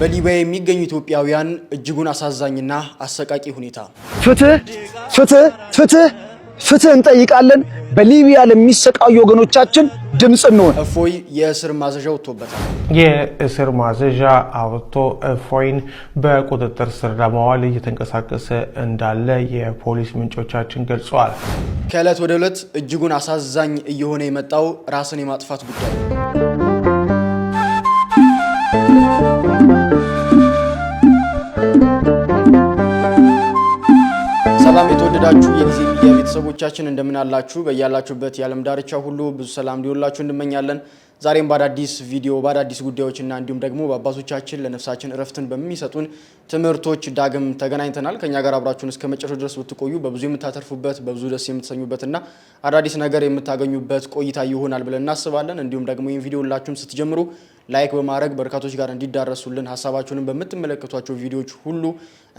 በሊቢያ የሚገኙ ኢትዮጵያውያን እጅጉን አሳዛኝና አሰቃቂ ሁኔታ። ፍትህ ፍትህ ፍትህ ፍትህ እንጠይቃለን። በሊቢያ ለሚሰቃዩ ወገኖቻችን ድምፅ እንሆን። እፎይ የእስር ማዘዣ ወጥቶበታል። የእስር ማዘዣ አውጥቶ እፎይን በቁጥጥር ስር ለማዋል እየተንቀሳቀሰ እንዳለ የፖሊስ ምንጮቻችን ገልጸዋል። ከዕለት ወደ ዕለት እጅጉን አሳዛኝ እየሆነ የመጣው ራስን የማጥፋት ጉዳይ ሰላም የተወደዳችሁ የጊዜ ሚዲያ ቤተሰቦቻችን እንደምን አላችሁ? በያላችሁበት የዓለም ዳርቻ ሁሉ ብዙ ሰላም ሊሆንላችሁ እንመኛለን። ዛሬም በአዳዲስ ቪዲዮ በአዳዲስ ጉዳዮችና እንዲሁም ደግሞ በአባቶቻችን ለነፍሳችን እረፍትን በሚሰጡን ትምህርቶች ዳግም ተገናኝተናል። ከኛ ጋር አብራችሁን እስከ መጨረሻው ድረስ ብትቆዩ በብዙ የምታተርፉበት በብዙ ደስ የምትሰኙበትና አዳዲስ ነገር የምታገኙበት ቆይታ ይሆናል ብለን እናስባለን። እንዲሁም ደግሞ ይህን ቪዲዮ ሁላችሁም ስትጀምሩ ላይክ በማድረግ በርካቶች ጋር እንዲዳረሱልን ሀሳባችሁንም በምትመለከቷቸው ቪዲዮዎች ሁሉ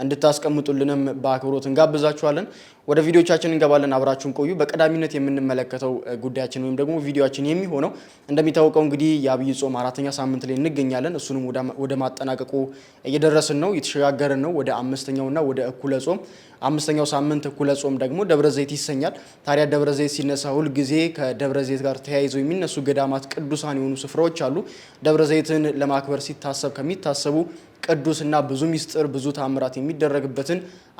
እንድታስቀምጡልንም በአክብሮት እንጋብዛችኋለን። ወደ ቪዲዮቻችን እንገባለን። አብራችሁን ቆዩ። በቀዳሚነት የምንመለከተው ጉዳያችን ወይም ደግሞ ቪዲዮችን የሚሆነው እንደሚታወቀው እንግዲህ የአብይ ጾም አራተኛ ሳምንት ላይ እንገኛለን። እሱንም ወደ ማጠናቀቁ እየደረስን ነው፣ እየተሸጋገርን ነው ወደ አምስተኛውና ወደ እኩለ ጾም። አምስተኛው ሳምንት እኩለ ጾም ደግሞ ደብረ ዘይት ይሰኛል። ታዲያ ደብረ ዘይት ሲነሳ ሁልጊዜ ከደብረ ዘይት ጋር ተያይዘው የሚነሱ ገዳማት፣ ቅዱሳን የሆኑ ስፍራዎች አሉ። ደብረ ዘይትን ለማክበር ሲታሰብ ከሚታሰቡ ቅዱስና ብዙ ሚስጥር ብዙ ታምራት የሚደረግበትን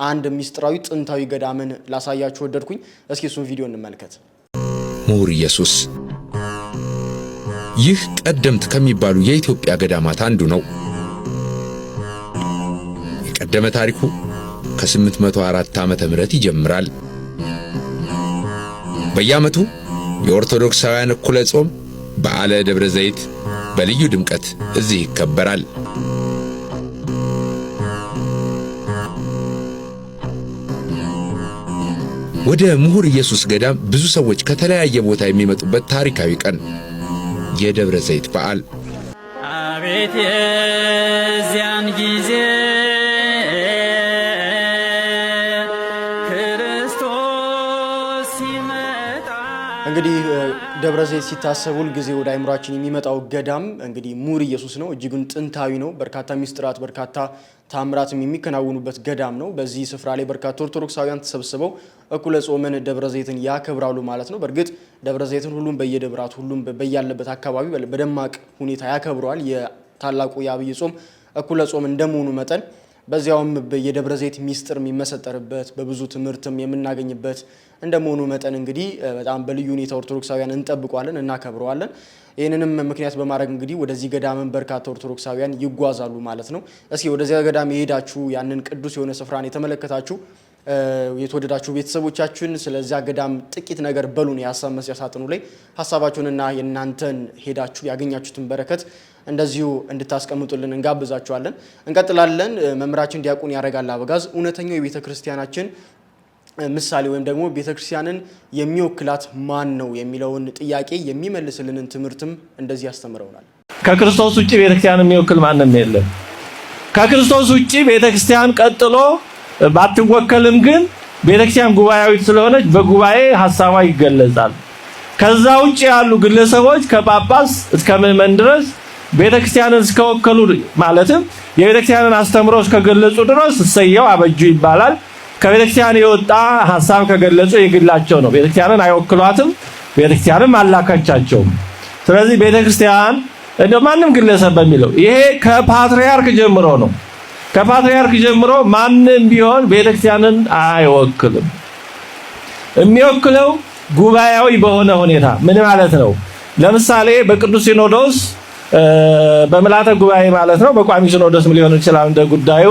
አንድ ሚስጥራዊ ጥንታዊ ገዳምን ላሳያችሁ ወደድኩኝ። እስኪ እሱን ቪዲዮ እንመልከት። ሙር ኢየሱስ ይህ ቀደምት ከሚባሉ የኢትዮጵያ ገዳማት አንዱ ነው። የቀደመ ታሪኩ ከ804 ዓመተ ምህረት ይጀምራል። በየዓመቱ የኦርቶዶክሳውያን እኩለ ጾም በዓለ ደብረ ዘይት በልዩ ድምቀት እዚህ ይከበራል። ወደ ምሁር ኢየሱስ ገዳም ብዙ ሰዎች ከተለያየ ቦታ የሚመጡበት ታሪካዊ ቀን የደብረ ዘይት በዓል። አቤት የዚያን ጊዜ ክርስቶስ ሲመጣ እንግዲህ ደብረ ዘይት ሲታሰብ ጊዜ ወደ አይምሯችን የሚመጣው ገዳም እንግዲህ ሙር ኢየሱስ ነው። እጅጉን ጥንታዊ ነው። በርካታ ሚስጥራት፣ በርካታ ታምራትም የሚከናወኑበት ገዳም ነው። በዚህ ስፍራ ላይ በርካታ ኦርቶዶክሳውያን ተሰብስበው እኩለ ጾምን ደብረ ዘይትን ያከብራሉ ማለት ነው። በእርግጥ ደብረ ዘይትን ሁሉም በየደብራት ሁሉም በያለበት አካባቢ በደማቅ ሁኔታ ያከብረዋል። የታላቁ የአብይ ጾም እኩለ ጾም እንደመሆኑ መጠን በዚያውም የደብረ ዘይት ሚስጥር የሚመሰጠርበት በብዙ ትምህርትም የምናገኝበት እንደመሆኑ መጠን እንግዲህ በጣም በልዩ ሁኔታ ኦርቶዶክሳውያን እንጠብቋለን፣ እናከብረዋለን። ይህንንም ምክንያት በማድረግ እንግዲህ ወደዚህ ገዳምን በርካታ ኦርቶዶክሳውያን ይጓዛሉ ማለት ነው። እስኪ ወደዚያ ገዳም የሄዳችሁ ያንን ቅዱስ የሆነ ስፍራን የተመለከታችሁ የተወደዳችሁ ቤተሰቦቻችን ስለዚያ ገዳም ጥቂት ነገር በሉን። የሀሳብ መስጫ ሳጥኑ ላይ ሀሳባችሁንና የእናንተን ሄዳችሁ ያገኛችሁትን በረከት እንደዚሁ እንድታስቀምጡልን እንጋብዛችኋለን። እንቀጥላለን። መምህራችን ዲያቆን ያረጋል አበጋዝ እውነተኛው የቤተ ክርስቲያናችን ምሳሌ ወይም ደግሞ ቤተ ክርስቲያንን የሚወክላት ማን ነው የሚለውን ጥያቄ የሚመልስልንን ትምህርትም እንደዚህ ያስተምረውናል። ከክርስቶስ ውጭ ቤተ ክርስቲያን የሚወክል ማንም የለም። ከክርስቶስ ውጭ ቤተ ክርስቲያን ቀጥሎ ባትወከልም ግን ቤተ ክርስቲያን ጉባኤያዊት ስለሆነች በጉባኤ ሀሳቧ ይገለጻል። ከዛ ውጭ ያሉ ግለሰቦች ከጳጳስ እስከ ምዕመን ድረስ ቤተክርስቲያንን እስከወከሉ ማለትም የቤተክርስቲያንን አስተምሮ እስከገለጹ ድረስ እሰየው አበጁ ይባላል። ከቤተክርስቲያን የወጣ ሀሳብ ከገለጹ የግላቸው ነው። ቤተክርስቲያንን አይወክሏትም፣ ቤተክርስቲያንም አላካቻቸውም። ስለዚህ ቤተክርስቲያን እንደው ማንም ግለሰብ በሚለው ይሄ ከፓትርያርክ ጀምሮ ነው። ከፓትርያርክ ጀምሮ ማንም ቢሆን ቤተክርስቲያንን አይወክልም። የሚወክለው ጉባኤያዊ በሆነ ሁኔታ ምን ማለት ነው? ለምሳሌ በቅዱስ ሲኖዶስ በምልዓተ ጉባኤ ማለት ነው። በቋሚ ሲኖዶስም ሊሆን ይችላል እንደ ጉዳዩ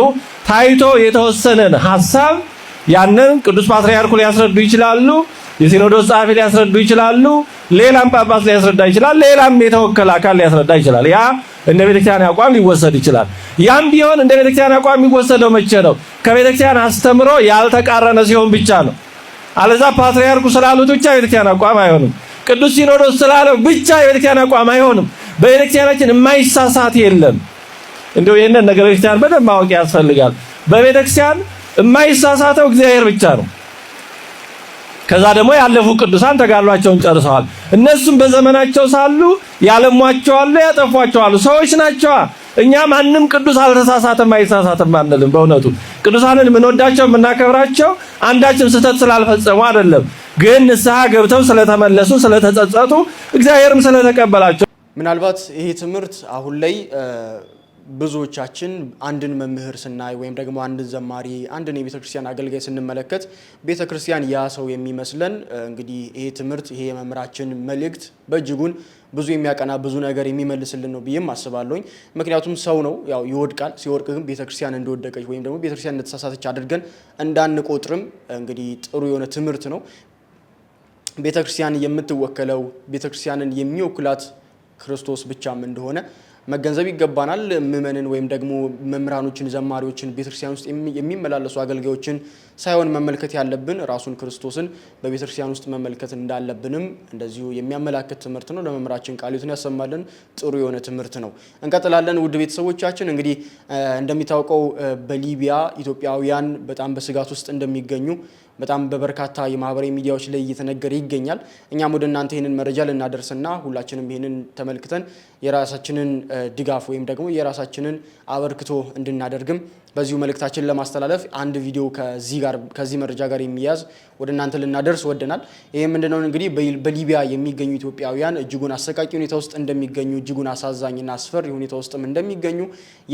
ታይቶ የተወሰነን ሀሳብ ያንን ቅዱስ ፓትርያርኩ ሊያስረዱ ይችላሉ። የሲኖዶስ ጸሐፊ ሊያስረዱ ይችላሉ። ሌላም ጳጳስ ሊያስረዳ ይችላል። ሌላም የተወከለ አካል ሊያስረዳ ይችላል። ያ እንደ ቤተክርስቲያን አቋም ሊወሰድ ይችላል። ያም ቢሆን እንደ ቤተክርስቲያን አቋም የሚወሰደው መቼ ነው? ከቤተክርስቲያን አስተምሮ ያልተቃረነ ሲሆን ብቻ ነው። አለዛ ፓትርያርኩ ስላሉት ብቻ የቤተክርስቲያን አቋም አይሆንም። ቅዱስ ሲኖዶስ ስላለው ብቻ የቤተክርስቲያን አቋም አይሆንም። በቤተክርስቲያናችን የማይሳሳት የለም። እንደው ይህንን ነገር ቤተክርስቲያን በደንብ ማወቅ ያስፈልጋል። በቤተክርስቲያን የማይሳሳተው እግዚአብሔር ብቻ ነው። ከዛ ደግሞ ያለፉ ቅዱሳን ተጋድሏቸውን ጨርሰዋል። እነሱም በዘመናቸው ሳሉ ያለሟቸዋሉ፣ ያጠፏቸዋሉ ሰዎች ናቸዋ። እኛ ማንም ቅዱስ አልተሳሳተም አይሳሳትም አንልም። በእውነቱ ቅዱሳንን የምንወዳቸው የምናከብራቸው አንዳችም ስህተት ስላልፈጸሙ አይደለም፣ ግን ንስሐ ገብተው ስለተመለሱ ስለተጸጸቱ እግዚአብሔርም ስለተቀበላቸው ምናልባት ይሄ ትምህርት አሁን ላይ ብዙዎቻችን አንድን መምህር ስናይ ወይም ደግሞ አንድን ዘማሪ፣ አንድን የቤተ ክርስቲያን አገልጋይ ስንመለከት ቤተ ክርስቲያን ያ ሰው የሚመስለን እንግዲህ ይሄ ትምህርት ይሄ የመምህራችን መልእክት በእጅጉን ብዙ የሚያቀና ብዙ ነገር የሚመልስልን ነው ብዬም አስባለሁኝ። ምክንያቱም ሰው ነው ያው ይወድቃል። ሲወድቅ ግን ቤተክርስቲያን እንደወደቀች ወይም ደግሞ ቤተክርስቲያን እንደተሳሳተች አድርገን እንዳንቆጥርም እንግዲህ ጥሩ የሆነ ትምህርት ነው። ቤተክርስቲያን የምትወከለው ቤተክርስቲያንን የሚወክላት ክርስቶስ ብቻም እንደሆነ መገንዘብ ይገባናል። ምእመንን ወይም ደግሞ መምህራኖችን፣ ዘማሪዎችን፣ ቤተክርስቲያን ውስጥ የሚመላለሱ አገልጋዮችን ሳይሆን መመልከት ያለብን ራሱን ክርስቶስን በቤተክርስቲያን ውስጥ መመልከት እንዳለብንም እንደዚሁ የሚያመላክት ትምህርት ነው። ለመምህራችን ቃሊቱን ያሰማልን። ጥሩ የሆነ ትምህርት ነው። እንቀጥላለን። ውድ ቤተሰቦቻችን እንግዲህ እንደሚታወቀው በሊቢያ ኢትዮጵያውያን በጣም በስጋት ውስጥ እንደሚገኙ በጣም በበርካታ የማህበራዊ ሚዲያዎች ላይ እየተነገረ ይገኛል። እኛም ወደ እናንተ ይህንን መረጃ ልናደርስና ሁላችንም ይህንን ተመልክተን የራሳችንን ድጋፍ ወይም ደግሞ የራሳችንን አበርክቶ እንድናደርግም በዚሁ መልእክታችን ለማስተላለፍ አንድ ቪዲዮ ከዚህ ጋር ከዚህ መረጃ ጋር የሚያዝ ወደ እናንተ ልናደርስ ወደናል። ይህ ምንድነው እንግዲህ በሊቢያ የሚገኙ ኢትዮጵያውያን እጅጉን አሰቃቂ ሁኔታ ውስጥ እንደሚገኙ እጅጉን አሳዛኝና አስፈሪ ሁኔታ ውስጥም እንደሚገኙ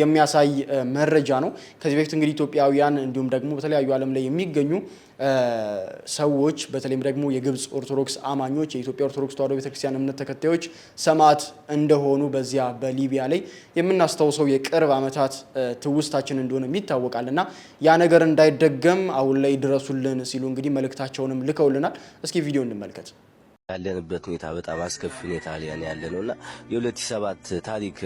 የሚያሳይ መረጃ ነው። ከዚህ በፊት እንግዲህ ኢትዮጵያውያን እንዲሁም ደግሞ በተለያዩ ዓለም ላይ የሚገኙ ሰዎች በተለይም ደግሞ የግብፅ ኦርቶዶክስ አማኞች የኢትዮጵያ ኦርቶዶክስ ተዋሕዶ ቤተክርስቲያን እምነት ተከታዮች ሰማዕት እንደሆኑ በዚያ በሊቢያ ላይ የምናስታውሰው የቅርብ ዓመታት ትውስታችን እንደሆነ እንደሚያስቀድም ይታወቃል እና ያ ነገር እንዳይደገም አሁን ላይ ድረሱልን ሲሉ እንግዲህ መልእክታቸውንም ልከውልናል። እስኪ ቪዲዮ እንመልከት። ያለንበት ሁኔታ በጣም አስከፊ ሁኔታ ሊያን ያለ ነው እና የሁለት ሺህ ሰባት ታሪክ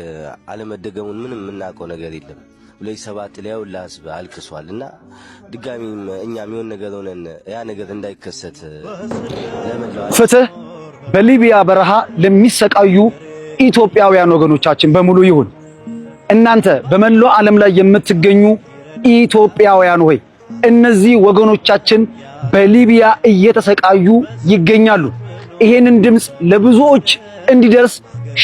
አለመደገሙን ምንም የምናውቀው ነገር የለም። ሁለት ሺህ ሰባት ላይ ያው ለህዝብ አልቅሷል እና ድጋሚም እኛም የሆን ነገር ሆነን ያ ነገር እንዳይከሰት ፍትህ በሊቢያ በረሃ ለሚሰቃዩ ኢትዮጵያውያን ወገኖቻችን በሙሉ ይሁን። እናንተ በመላው ዓለም ላይ የምትገኙ ኢትዮጵያውያን ሆይ እነዚህ ወገኖቻችን በሊቢያ እየተሰቃዩ ይገኛሉ። ይሄንን ድምፅ ለብዙዎች እንዲደርስ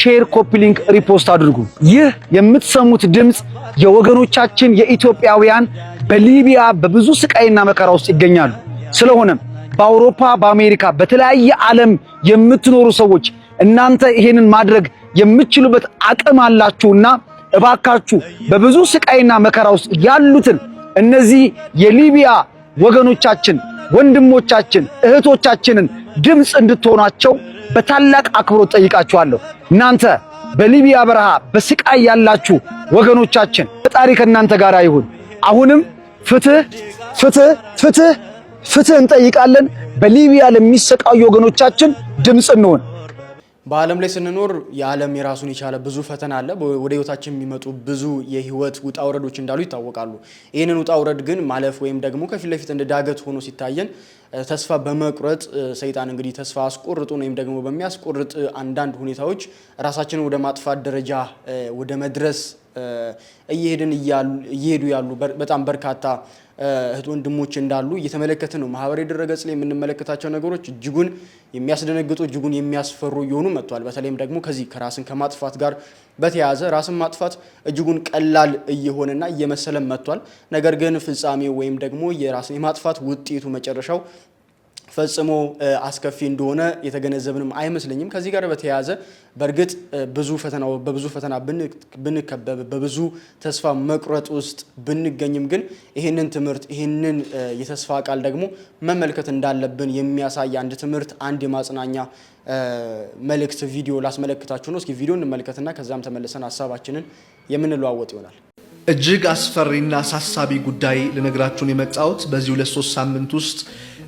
ሼር፣ ሊንክ፣ ሪፖስት አድርጉ። ይህ የምትሰሙት ድምፅ የወገኖቻችን የኢትዮጵያውያን በሊቢያ በብዙ ስቃይና መከራ ውስጥ ይገኛሉ። ስለሆነም በአውሮፓ፣ በአሜሪካ፣ በተለያየ ዓለም የምትኖሩ ሰዎች እናንተ ይሄንን ማድረግ የምትችሉበት አቅም አላችሁና እባካችሁ በብዙ ስቃይና መከራ ውስጥ ያሉትን እነዚህ የሊቢያ ወገኖቻችን፣ ወንድሞቻችን፣ እህቶቻችንን ድምፅ እንድትሆኗቸው በታላቅ አክብሮት ጠይቃችኋለሁ። እናንተ በሊቢያ በረሃ በስቃይ ያላችሁ ወገኖቻችን ፈጣሪ ከእናንተ ጋር ይሁን። አሁንም ፍትህ ፍትህ ፍትህ ፍትህ እንጠይቃለን። በሊቢያ ለሚሰቃዩ ወገኖቻችን ድምፅ እንሆን። በዓለም ላይ ስንኖር የዓለም የራሱን የቻለ ብዙ ፈተና አለ። ወደ ህይወታችን የሚመጡ ብዙ የህይወት ውጣ ውረዶች እንዳሉ ይታወቃሉ። ይህንን ውጣ ውረድ ግን ማለፍ ወይም ደግሞ ከፊት ለፊት እንደ ዳገት ሆኖ ሲታየን ተስፋ በመቁረጥ ሰይጣን እንግዲህ ተስፋ አስቆርጡን ወይም ደግሞ በሚያስቆርጥ አንዳንድ ሁኔታዎች ራሳችንን ወደ ማጥፋት ደረጃ ወደ መድረስ እየሄድን እየሄዱ ያሉ በጣም በርካታ እህት ወንድሞች እንዳሉ እየተመለከትን ነው። ማህበራዊ ድረገጽ ላይ የምንመለከታቸው ነገሮች እጅጉን የሚያስደነግጡ እጅጉን የሚያስፈሩ እየሆኑ መጥቷል። በተለይም ደግሞ ከዚህ ከራስን ከማጥፋት ጋር በተያያዘ ራስን ማጥፋት እጅጉን ቀላል እየሆነና እየመሰለ መጥቷል። ነገር ግን ፍጻሜው ወይም ደግሞ የራስን የማጥፋት ውጤቱ መጨረሻው ፈጽሞ አስከፊ እንደሆነ የተገነዘብንም አይመስለኝም። ከዚህ ጋር በተያያዘ በእርግጥ ብዙ ፈተና በብዙ ፈተና ብንከበብ በብዙ ተስፋ መቁረጥ ውስጥ ብንገኝም ግን ይህንን ትምህርት ይህንን የተስፋ ቃል ደግሞ መመልከት እንዳለብን የሚያሳይ አንድ ትምህርት አንድ የማጽናኛ መልእክት ቪዲዮ ላስመለክታችሁ ነው። እስኪ ቪዲዮ እንመልከትና ከዚያም ተመልሰን ሀሳባችንን የምንለዋወጥ ይሆናል። እጅግ አስፈሪና አሳሳቢ ጉዳይ ልነግራችሁን የመጣሁት በዚህ ሁለት ሶስት ሳምንት ውስጥ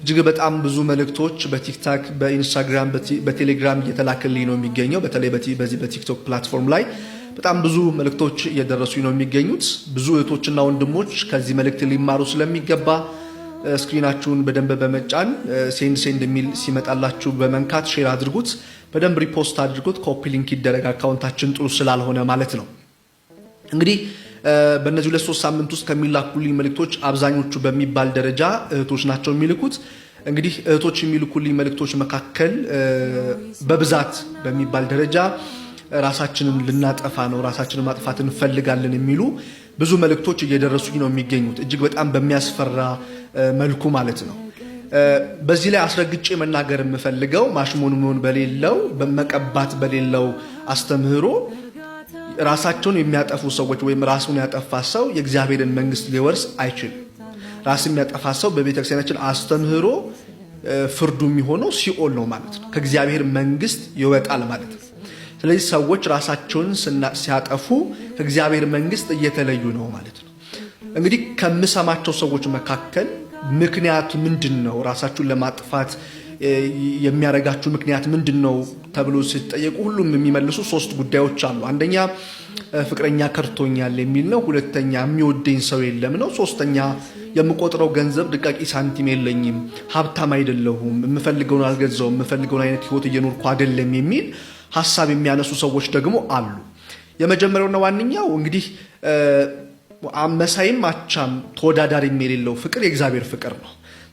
እጅግ በጣም ብዙ መልእክቶች በቲክታክ፣ በኢንስታግራም፣ በቴሌግራም እየተላከልኝ ነው የሚገኘው። በተለይ በዚህ በቲክቶክ ፕላትፎርም ላይ በጣም ብዙ መልእክቶች እየደረሱኝ ነው የሚገኙት። ብዙ እህቶችና ወንድሞች ከዚህ መልእክት ሊማሩ ስለሚገባ ስክሪናችሁን በደንብ በመጫን ሴንድ ሴንድ የሚል ሲመጣላችሁ በመንካት ሼር አድርጉት፣ በደንብ ሪፖስት አድርጉት። ኮፒ ሊንክ ይደረግ አካውንታችን ጥሩ ስላልሆነ ማለት ነው እንግዲህ በእነዚህ ሁለት ሶስት ሳምንት ውስጥ ከሚላኩልኝ መልእክቶች አብዛኞቹ በሚባል ደረጃ እህቶች ናቸው የሚልኩት። እንግዲህ እህቶች የሚልኩልኝ መልእክቶች መካከል በብዛት በሚባል ደረጃ ራሳችንን ልናጠፋ ነው፣ ራሳችንን ማጥፋት እንፈልጋለን የሚሉ ብዙ መልእክቶች እየደረሱኝ ነው የሚገኙት እጅግ በጣም በሚያስፈራ መልኩ ማለት ነው። በዚህ ላይ አስረግጬ መናገር የምፈልገው ማሽሞንሞን በሌለው በመቀባት በሌለው አስተምህሮ ራሳቸውን የሚያጠፉ ሰዎች ወይም ራሱን ያጠፋ ሰው የእግዚአብሔርን መንግስት ሊወርስ አይችልም። ራስ የሚያጠፋ ሰው በቤተክርስቲያናችን አስተምህሮ ፍርዱ የሚሆነው ሲኦል ነው ማለት ነው። ከእግዚአብሔር መንግስት ይወጣል ማለት ነው። ስለዚህ ሰዎች ራሳቸውን ሲያጠፉ ከእግዚአብሔር መንግስት እየተለዩ ነው ማለት ነው። እንግዲህ ከምሰማቸው ሰዎች መካከል ምክንያቱ ምንድን ነው? ራሳችሁን ለማጥፋት የሚያደርጋችሁ ምክንያት ምንድን ነው ተብሎ ሲጠየቁ ሁሉም የሚመልሱ ሶስት ጉዳዮች አሉ። አንደኛ ፍቅረኛ ከርቶኛል የሚል ነው። ሁለተኛ የሚወደኝ ሰው የለም ነው። ሶስተኛ የምቆጥረው ገንዘብ ድቃቂ ሳንቲም የለኝም፣ ሀብታም አይደለሁም፣ የምፈልገውን አልገዛውም፣ የምፈልገውን አይነት ህይወት እየኖርኩ አይደለም የሚል ሀሳብ የሚያነሱ ሰዎች ደግሞ አሉ። የመጀመሪያውና ዋነኛው እንግዲህ መሳይም አቻም ተወዳዳሪም የሌለው ፍቅር የእግዚአብሔር ፍቅር ነው።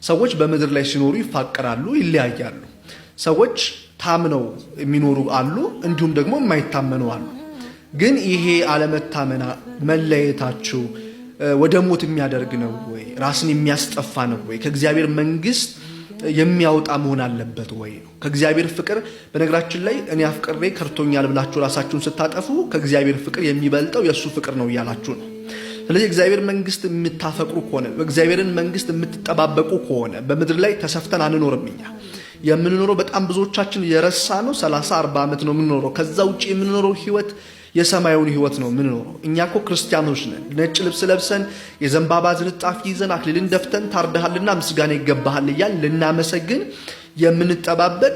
ሰዎች በምድር ላይ ሲኖሩ ይፋቀራሉ፣ ይለያያሉ። ሰዎች ታምነው የሚኖሩ አሉ፣ እንዲሁም ደግሞ የማይታመኑ አሉ። ግን ይሄ አለመታመና መለየታችሁ ወደ ሞት የሚያደርግ ነው ወይ? ራስን የሚያስጠፋ ነው ወይ? ከእግዚአብሔር መንግስት የሚያወጣ መሆን አለበት ወይ ነው። ከእግዚአብሔር ፍቅር በነገራችን ላይ እኔ አፍቅሬ ከርቶኛል ብላችሁ ራሳችሁን ስታጠፉ ከእግዚአብሔር ፍቅር የሚበልጠው የእሱ ፍቅር ነው እያላችሁ ነው። ስለዚህ እግዚአብሔር መንግስት የምታፈቅሩ ከሆነ እግዚአብሔርን መንግስት የምትጠባበቁ ከሆነ በምድር ላይ ተሰፍተን አንኖርም እኛ የምንኖረው በጣም ብዙዎቻችን የረሳ ነው። 30 40 ዓመት ነው የምንኖረው። ከዛ ውጭ የምንኖረው ህይወት የሰማዩን ህይወት ነው የምንኖረው። እኛ ኮ ክርስቲያኖች ነን። ነጭ ልብስ ለብሰን የዘንባባ ዝንጣፊ ይዘን አክሊልን ደፍተን ታርደሃልና ምስጋና ይገባሃል እያል ልናመሰግን የምንጠባበቅ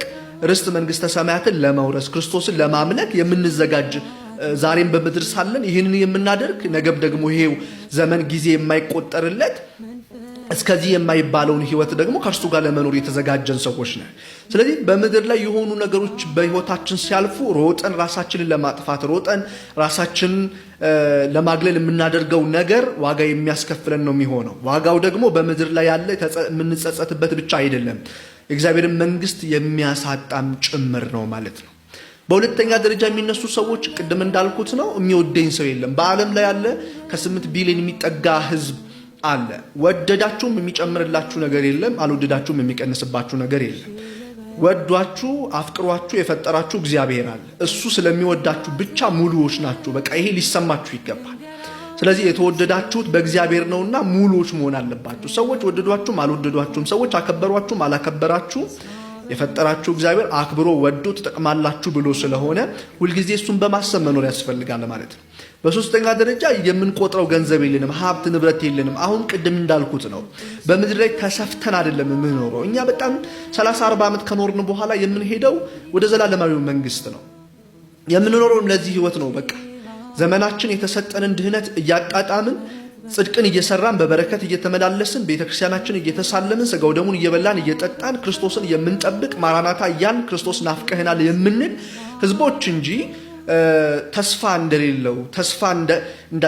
ርስት መንግስተ ሰማያትን ለመውረስ ክርስቶስን ለማምለክ የምንዘጋጅ ዛሬም በምድር ሳለን ይህንን የምናደርግ ነገብ ደግሞ ይሄው ዘመን ጊዜ የማይቆጠርለት እስከዚህ የማይባለውን ህይወት ደግሞ ከእርሱ ጋር ለመኖር የተዘጋጀን ሰዎች ነ። ስለዚህ በምድር ላይ የሆኑ ነገሮች በህይወታችን ሲያልፉ ሮጠን ራሳችንን ለማጥፋት ሮጠን ራሳችንን ለማግለል የምናደርገው ነገር ዋጋ የሚያስከፍለን ነው የሚሆነው። ዋጋው ደግሞ በምድር ላይ ያለ የምንጸጸትበት ብቻ አይደለም፣ የእግዚአብሔርን መንግስት የሚያሳጣም ጭምር ነው ማለት ነው። በሁለተኛ ደረጃ የሚነሱ ሰዎች ቅድም እንዳልኩት ነው፣ የሚወደኝ ሰው የለም። በዓለም ላይ ያለ ከስምንት ቢሊዮን የሚጠጋ ህዝብ አለ። ወደዳችሁም የሚጨምርላችሁ ነገር የለም፣ አልወደዳችሁም የሚቀንስባችሁ ነገር የለም። ወዷችሁ አፍቅሯችሁ የፈጠራችሁ እግዚአብሔር አለ። እሱ ስለሚወዳችሁ ብቻ ሙሉዎች ናችሁ። በቃ ይሄ ሊሰማችሁ ይገባል። ስለዚህ የተወደዳችሁት በእግዚአብሔር ነውና ሙሉዎች መሆን አለባችሁ። ሰዎች ወደዷችሁም አልወደዷችሁም፣ ሰዎች አከበሯችሁም አላከበራችሁም የፈጠራችሁ እግዚአብሔር አክብሮ ወዶ ትጠቅማላችሁ ብሎ ስለሆነ ሁልጊዜ እሱን በማሰብ መኖር ያስፈልጋል ማለት ነው። በሶስተኛ ደረጃ የምንቆጥረው ገንዘብ የለንም፣ ሀብት ንብረት የለንም። አሁን ቅድም እንዳልኩት ነው፣ በምድር ላይ ተሰፍተን አይደለም የምንኖረው። እኛ በጣም 30 40 ዓመት ከኖርን በኋላ የምንሄደው ወደ ዘላለማዊ መንግስት ነው የምንኖረውም። ለዚህ ህይወት ነው በቃ ዘመናችን የተሰጠንን ድህነት እያጣጣምን ጽድቅን እየሰራን በበረከት እየተመላለስን ቤተክርስቲያናችን እየተሳለምን ስጋው ደሙን እየበላን እየጠጣን ክርስቶስን የምንጠብቅ ማራናታ እያን ክርስቶስ ናፍቀህናል የምንል ህዝቦች እንጂ ተስፋ እንደሌለው ተስፋ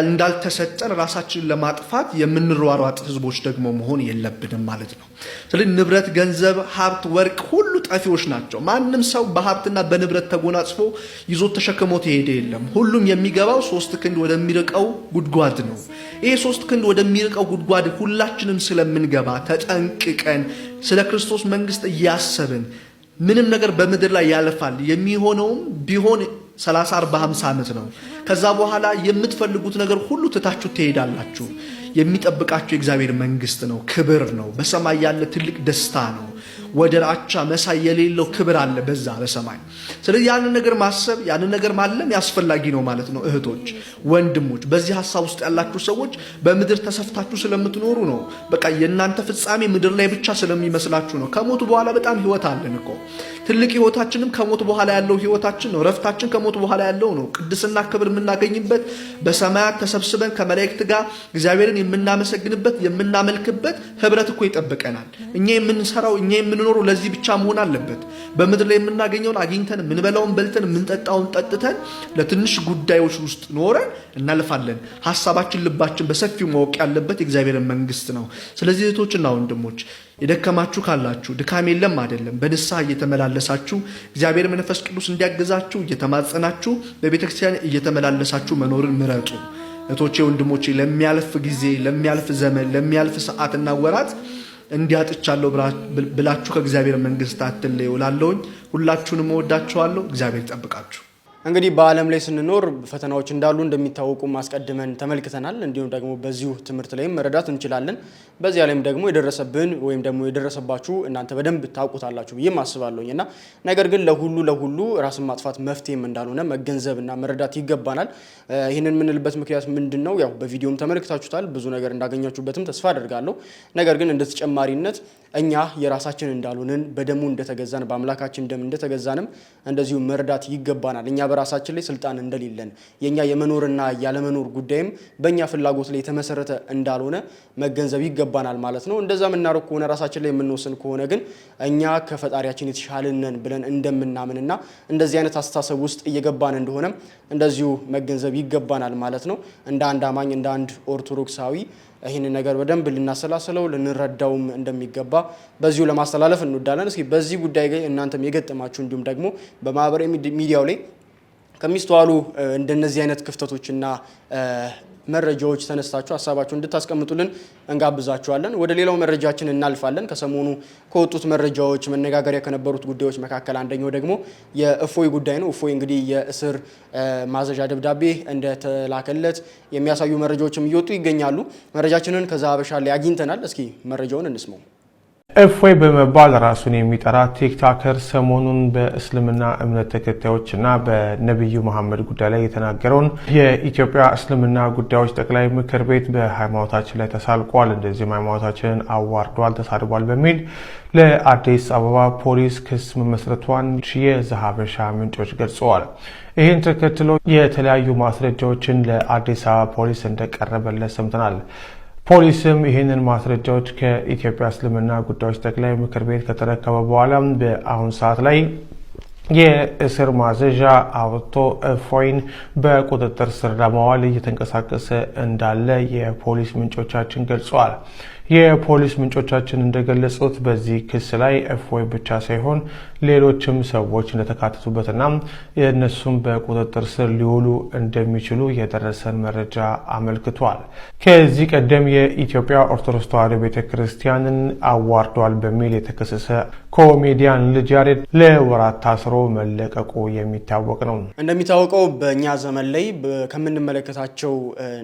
እንዳልተሰጠን ራሳችንን ለማጥፋት የምንሯሯጥ ህዝቦች ደግሞ መሆን የለብንም ማለት ነው። ስለዚህ ንብረት፣ ገንዘብ፣ ሀብት፣ ወርቅ ሁሉ ጠፊዎች ናቸው። ማንም ሰው በሀብትና በንብረት ተጎናጽፎ ይዞት ተሸክሞት የሄደ የለም። ሁሉም የሚገባው ሶስት ክንድ ወደሚርቀው ጉድጓድ ነው። ይሄ ሶስት ክንድ ወደሚርቀው ጉድጓድ ሁላችንም ስለምንገባ ተጠንቅቀን ስለ ክርስቶስ መንግስት እያሰብን ምንም ነገር በምድር ላይ ያልፋል የሚሆነውም ቢሆን 30 40 50 ዓመት ነው። ከዛ በኋላ የምትፈልጉት ነገር ሁሉ ትታችሁ ትሄዳላችሁ። የሚጠብቃችሁ የእግዚአብሔር መንግስት ነው፣ ክብር ነው፣ በሰማይ ያለ ትልቅ ደስታ ነው። ወደር አቻ መሳይ የሌለው ክብር አለ በዛ በሰማይ። ስለዚህ ያንን ነገር ማሰብ ያንን ነገር ማለም ያስፈላጊ ነው ማለት ነው። እህቶች ወንድሞች፣ በዚህ ሀሳብ ውስጥ ያላችሁ ሰዎች በምድር ተሰፍታችሁ ስለምትኖሩ ነው። በቃ የእናንተ ፍጻሜ ምድር ላይ ብቻ ስለሚመስላችሁ ነው። ከሞቱ በኋላ በጣም ህይወት አለን እኮ ትልቅ ህይወታችንም ከሞት በኋላ ያለው ህይወታችን ነው። ረፍታችን ከሞት በኋላ ያለው ነው። ቅድስና ክብር የምናገኝበት በሰማያት ተሰብስበን ከመላእክት ጋር እግዚአብሔርን የምናመሰግንበት የምናመልክበት ህብረት እኮ ይጠብቀናል። እኛ የምንሰራው እኛ የምን የምንኖረው ለዚህ ብቻ መሆን አለበት። በምድር ላይ የምናገኘውን አግኝተን የምንበላውን በልተን የምንጠጣውን ጠጥተን ለትንሽ ጉዳዮች ውስጥ ኖረን እናልፋለን። ሀሳባችን፣ ልባችን በሰፊው ማወቅ ያለበት የእግዚአብሔር መንግስት ነው። ስለዚህ እህቶችና ወንድሞች የደከማችሁ ካላችሁ ድካም የለም አይደለም፣ በንስሐ እየተመላለሳችሁ እግዚአብሔር መንፈስ ቅዱስ እንዲያገዛችሁ እየተማጸናችሁ በቤተክርስቲያን እየተመላለሳችሁ መኖርን ምረጡ። እህቶቼ ወንድሞቼ፣ ለሚያልፍ ጊዜ፣ ለሚያልፍ ዘመን፣ ለሚያልፍ ሰዓትና ወራት እንዲያጥቻለሁ ብላችሁ ከእግዚአብሔር መንግስት አትለዩ። ላለውኝ ሁላችሁንም እወዳችኋለሁ። እግዚአብሔር ይጠብቃችሁ። እንግዲህ በዓለም ላይ ስንኖር ፈተናዎች እንዳሉ እንደሚታወቁ አስቀድመን ተመልክተናል። እንዲሁም ደግሞ በዚሁ ትምህርት ላይም መረዳት እንችላለን። በዚያ ላይም ደግሞ የደረሰብን ወይም ደግሞ የደረሰባችሁ እናንተ በደንብ ታውቁታላችሁ ብዬም አስባለሁኝ እና ነገር ግን ለሁሉ ለሁሉ ራስን ማጥፋት መፍትሄም እንዳልሆነ መገንዘብና መረዳት ይገባናል። ይህንን የምንልበት ምክንያት ምንድን ነው? ያው በቪዲዮም ተመልክታችሁታል። ብዙ ነገር እንዳገኛችሁበትም ተስፋ አደርጋለሁ። ነገር ግን እንደ ተጨማሪነት እኛ የራሳችን እንዳልሆንን በደሙ እንደተገዛን በአምላካችን ደም እንደተገዛንም እንደዚሁ መረዳት ይገባናል እኛ በራሳችን ላይ ስልጣን እንደሌለን የኛ የመኖርና ያለመኖር ጉዳይም በእኛ ፍላጎት ላይ የተመሰረተ እንዳልሆነ መገንዘብ ይገባናል ማለት ነው። እንደዛ የምናደርግ ከሆነ ራሳችን ላይ የምንወስን ከሆነ ግን እኛ ከፈጣሪያችን የተሻልነን ብለን እንደምናምንና እንደዚህ አይነት አስተሳሰብ ውስጥ እየገባን እንደሆነም እንደዚሁ መገንዘብ ይገባናል ማለት ነው። እንደ አንድ አማኝ እንደ አንድ ኦርቶዶክሳዊ ይህንን ነገር በደንብ ልናሰላስለው ልንረዳውም እንደሚገባ በዚሁ ለማስተላለፍ እንወዳለን። እስኪ በዚህ ጉዳይ እናንተም የገጠማችሁ እንዲሁም ደግሞ በማህበራዊ ሚዲያው ላይ ከሚስተዋሉ እንደነዚህ አይነት ክፍተቶችና መረጃዎች ተነስታችሁ ሀሳባችሁን እንድታስቀምጡልን እንጋብዛችኋለን። ወደ ሌላው መረጃችን እናልፋለን። ከሰሞኑ ከወጡት መረጃዎች መነጋገሪያ ከነበሩት ጉዳዮች መካከል አንደኛው ደግሞ የእፎይ ጉዳይ ነው። እፎይ እንግዲህ የእስር ማዘዣ ደብዳቤ እንደተላከለት የሚያሳዩ መረጃዎችም እየወጡ ይገኛሉ። መረጃችንን ከዛ ሀበሻ ላይ አግኝተናል። እስኪ መረጃውን እንስማው። እፎይ በመባል ራሱን የሚጠራ ቲክታከር ሰሞኑን በእስልምና እምነት ተከታዮች እና በነቢዩ መሐመድ ጉዳይ ላይ የተናገረውን የኢትዮጵያ እስልምና ጉዳዮች ጠቅላይ ምክር ቤት በሃይማኖታችን ላይ ተሳልቋል፣ እንደዚህም ሃይማኖታችንን አዋርዷል፣ ተሳድቧል በሚል ለአዲስ አበባ ፖሊስ ክስ መመስረቷን የዘሀበሻ ምንጮች ገልጸዋል። ይህን ተከትሎ የተለያዩ ማስረጃዎችን ለአዲስ አበባ ፖሊስ እንደቀረበለት ሰምተናል። ፖሊስም ይህንን ማስረጃዎች ከኢትዮጵያ እስልምና ጉዳዮች ጠቅላይ ምክር ቤት ከተረከበ በኋላ በአሁን ሰዓት ላይ የእስር ማዘዣ አውጥቶ እፎይን በቁጥጥር ስር ለማዋል እየተንቀሳቀሰ እንዳለ የፖሊስ ምንጮቻችን ገልጸዋል። የፖሊስ ምንጮቻችን እንደገለጹት በዚህ ክስ ላይ እፎይ ብቻ ሳይሆን ሌሎችም ሰዎች እንደተካተቱበትና እነሱም በቁጥጥር ስር ሊውሉ እንደሚችሉ የደረሰን መረጃ አመልክቷል። ከዚህ ቀደም የኢትዮጵያ ኦርቶዶክስ ተዋሕዶ ቤተ ክርስቲያንን አዋርዷል በሚል የተከሰሰ ኮሜዲያን ልጅ ያሬድ ለወራት ታስሮ መለቀቁ የሚታወቅ ነው። እንደሚታወቀው በእኛ ዘመን ላይ ከምንመለከታቸው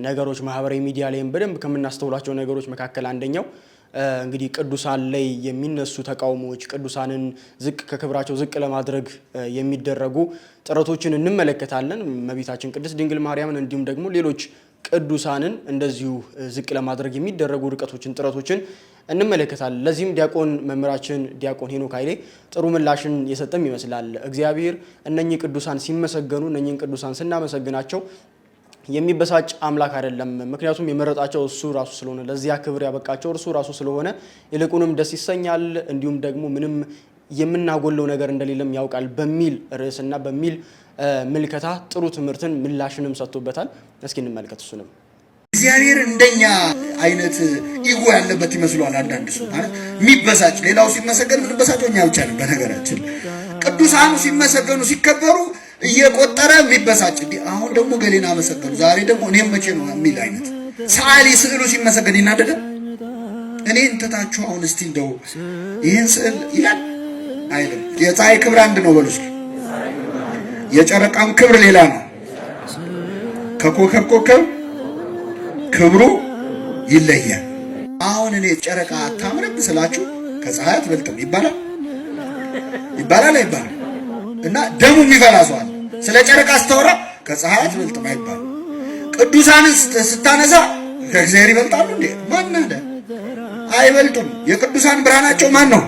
ነገሮች ማህበራዊ ሚዲያ ላይም በደንብ ከምናስተውላቸው ነገሮች መካከል አንደኛ የሚገኘው። እንግዲህ ቅዱሳን ላይ የሚነሱ ተቃውሞዎች ቅዱሳንን ዝቅ ከክብራቸው ዝቅ ለማድረግ የሚደረጉ ጥረቶችን እንመለከታለን። እመቤታችን ቅድስት ድንግል ማርያምን እንዲሁም ደግሞ ሌሎች ቅዱሳንን እንደዚሁ ዝቅ ለማድረግ የሚደረጉ ርቀቶችን፣ ጥረቶችን እንመለከታለን። ለዚህም ዲያቆን መምህራችን ዲያቆን ሄኖክ ኃይሌ ጥሩ ምላሽን የሰጠም ይመስላል። እግዚአብሔር እነኚህ ቅዱሳን ሲመሰገኑ እነኚህን ቅዱሳን ስናመሰግናቸው የሚበሳጭ አምላክ አይደለም። ምክንያቱም የመረጣቸው እሱ ራሱ ስለሆነ ለዚያ ክብር ያበቃቸው እርሱ ራሱ ስለሆነ ይልቁንም ደስ ይሰኛል፣ እንዲሁም ደግሞ ምንም የምናጎለው ነገር እንደሌለም ያውቃል በሚል ርዕስና በሚል ምልከታ ጥሩ ትምህርትን ምላሽንም ሰጥቶበታል። እስኪ እንመልከት እሱንም። እግዚአብሔር እንደኛ አይነት ኢጎ ያለበት ይመስሏል አንዳንድ ሰው ማለት የሚበሳጭ ሌላው ሲመሰገን ምንበሳጮኛ ያውጫል። በነገራችን ቅዱሳኑ ሲመሰገኑ ሲከበሩ እየቆጠረ የሚበሳጭ አሁን ደግሞ ገሌን አመሰገኑ፣ ዛሬ ደግሞ እኔም መቼ ነው የሚል አይነት ሰዓሊ ስዕሉ ሲመሰገን ይናደደ። እኔ እንትታችሁ አሁን እስቲ እንደው ይህን ስዕል ይላል አይልም። የፀሐይ ክብር አንድ ነው በሉ፣ የጨረቃም ክብር ሌላ ነው። ከኮከብ ኮከብ ክብሩ ይለያል። አሁን እኔ ጨረቃ አታምርም ስላችሁ ከፀሐይ አትበልጥም ይባላል ይባላል አይባልም? እና ደሙ የሚፈላ ሰው አለ። ስለ ጨረቃ ስታወራ ከፀሐይ አትበልጥም አይባል። ቅዱሳንን ስታነሳ ከእግዚአብሔር ይበልጣሉ እንዴ? ማን አለ? አይበልጡም። የቅዱሳን ብርሃናቸው ማን ነው?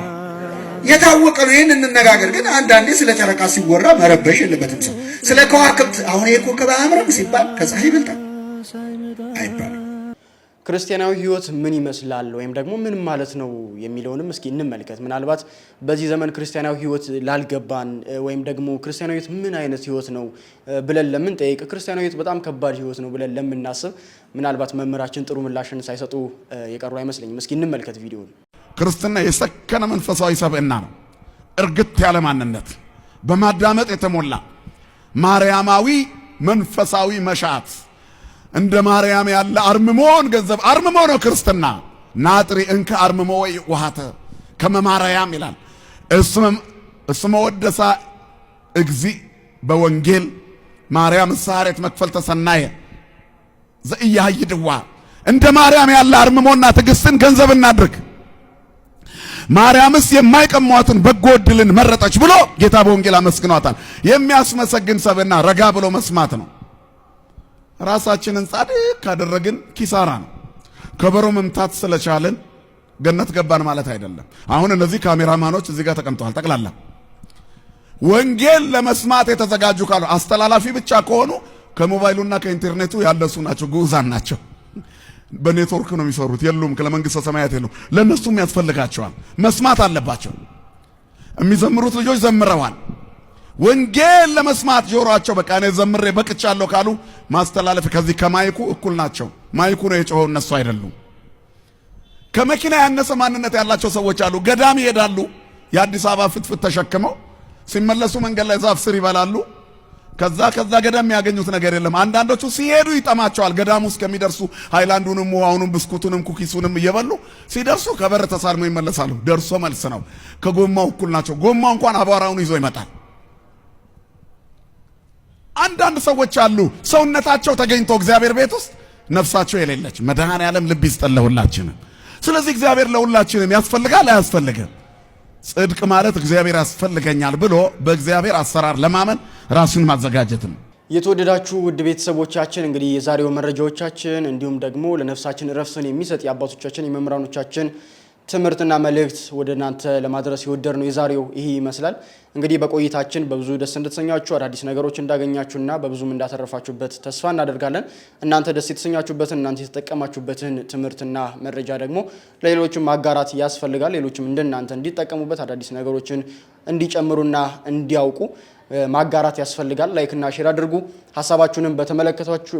የታወቀ ነው። ይህን እንነጋገር። ግን አንዳንዴ ስለ ጨረቃ ሲወራ መረበሽ የለበትም ሰው። ስለ ከዋክብት አሁን የኮከብ አያምርም ሲባል ከፀሐይ ይበልጣል አይባል። ክርስቲያናዊ ህይወት ምን ይመስላል ወይም ደግሞ ምን ማለት ነው የሚለውንም እስኪ እንመልከት። ምናልባት በዚህ ዘመን ክርስቲያናዊ ህይወት ላልገባን ወይም ደግሞ ክርስቲያናዊ ህይወት ምን አይነት ህይወት ነው ብለን ለምንጠይቅ፣ ክርስቲያናዊ ህይወት በጣም ከባድ ህይወት ነው ብለን ለምናስብ ምናልባት መምህራችን ጥሩ ምላሽን ሳይሰጡ የቀሩ አይመስለኝም። እስኪ እንመልከት ቪዲዮን። ክርስትና የሰከነ መንፈሳዊ ሰብዕና ነው። እርግት ያለ ማንነት በማዳመጥ የተሞላ ማርያማዊ መንፈሳዊ መሻት እንደ ማርያም ያለ አርምሞን ገንዘብ አርምሞ ነው ክርስትና። ናጥሪ እንከ አርምሞ ወይ ውሃተ ከመ ይላል። እስመ ወደሳ እግዚ በወንጌል ማርያም ሳሬት መክፈል ተሰናየ ዘእያይ እንደ ማርያም ያለ አርምሞና ትዕግስትን ገንዘብ እናድርግ። ማርያምስ የማይቀሟትን በጎ ዕድልን መረጠች ብሎ ጌታ በወንጌል አመስግኗታል። የሚያስመሰግን ሰብዕና ረጋ ብሎ መስማት ነው። ራሳችንን ጻድቅ ካደረግን ኪሳራ ነው። ከበሮ መምታት ስለቻልን ገነት ገባን ማለት አይደለም። አሁን እነዚህ ካሜራማኖች እዚህ ጋር ተቀምጠዋል። ጠቅላላ ወንጌል ለመስማት የተዘጋጁ ካሉ አስተላላፊ ብቻ ከሆኑ ከሞባይሉና ከኢንተርኔቱ ያለሱ ናቸው፣ ግዑዛን ናቸው። በኔትወርክ ነው የሚሰሩት። የሉም ለመንግስተ ሰማያት የሉም። ለእነሱም ያስፈልጋቸዋል፣ መስማት አለባቸው። የሚዘምሩት ልጆች ዘምረዋል። ወንጌል ለመስማት ጆሮአቸው በቃ እኔ ዘምሬ በቅቻለሁ ካሉ ማስተላለፍ ከዚህ ከማይኩ እኩል ናቸው። ማይኩ ነው የጮኸው፣ እነሱ አይደሉም። ከመኪና ያነሰ ማንነት ያላቸው ሰዎች አሉ። ገዳም ይሄዳሉ፣ የአዲስ አበባ ፍትፍት ተሸክመው ሲመለሱ መንገድ ላይ ዛፍ ስር ይበላሉ። ከዛ ከዛ ገዳም የሚያገኙት ነገር የለም። አንዳንዶቹ ሲሄዱ ይጠማቸዋል። ገዳም ውስጥ ከሚደርሱ ሃይላንዱንም፣ ውሃውንም፣ ብስኩቱንም ኩኪሱንም እየበሉ ሲደርሱ ከበር ተሳልሞ ይመለሳሉ። ደርሶ መልስ ነው። ከጎማው እኩል ናቸው። ጎማው እንኳን አቧራውን ይዞ ይመጣል። አንዳንድ ሰዎች አሉ ሰውነታቸው ተገኝቶ እግዚአብሔር ቤት ውስጥ ነፍሳቸው የሌለች መድኃኔ ዓለም ልብ ይስጠን ለሁላችንም። ስለዚህ እግዚአብሔር ለሁላችንም ያስፈልጋል አያስፈልግም? ጽድቅ ማለት እግዚአብሔር ያስፈልገኛል ብሎ በእግዚአብሔር አሰራር ለማመን ራሱን ማዘጋጀት ነው። የተወደዳችሁ ውድ ቤተሰቦቻችን እንግዲህ የዛሬው መረጃዎቻችን እንዲሁም ደግሞ ለነፍሳችን ረፍስን የሚሰጥ የአባቶቻችን የመምህራኖቻችን ትምህርትና መልእክት ወደ እናንተ ለማድረስ የወደር ነው የዛሬው ይሄ ይመስላል። እንግዲህ በቆይታችን በብዙ ደስ እንደተሰኛችሁ አዳዲስ ነገሮች እንዳገኛችሁና በብዙም እንዳተረፋችሁበት ተስፋ እናደርጋለን። እናንተ ደስ የተሰኛችሁበትን እናንተ የተጠቀማችሁበትን ትምህርትና መረጃ ደግሞ ለሌሎችም ማጋራት ያስፈልጋል። ሌሎችም እንደናንተ እንዲጠቀሙበት አዳዲስ ነገሮችን እንዲጨምሩና እንዲያውቁ ማጋራት ያስፈልጋል። ላይክና ሼር አድርጉ። ሀሳባችሁንም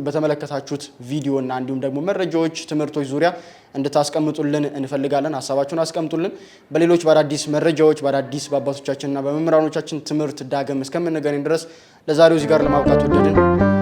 በተመለከታችሁት ቪዲዮና እንዲሁም ደግሞ መረጃዎች፣ ትምህርቶች ዙሪያ እንድታስቀምጡልን እንፈልጋለን። ሀሳባችሁን አስቀምጡልን። በሌሎች በአዳዲስ መረጃዎች በአዳዲስ በአባቶቻችንና በመምህራኖቻችን ትምህርት ዳግም እስከምንገናኝ ድረስ ለዛሬው እዚህ ጋር ለማብቃት ወደድን።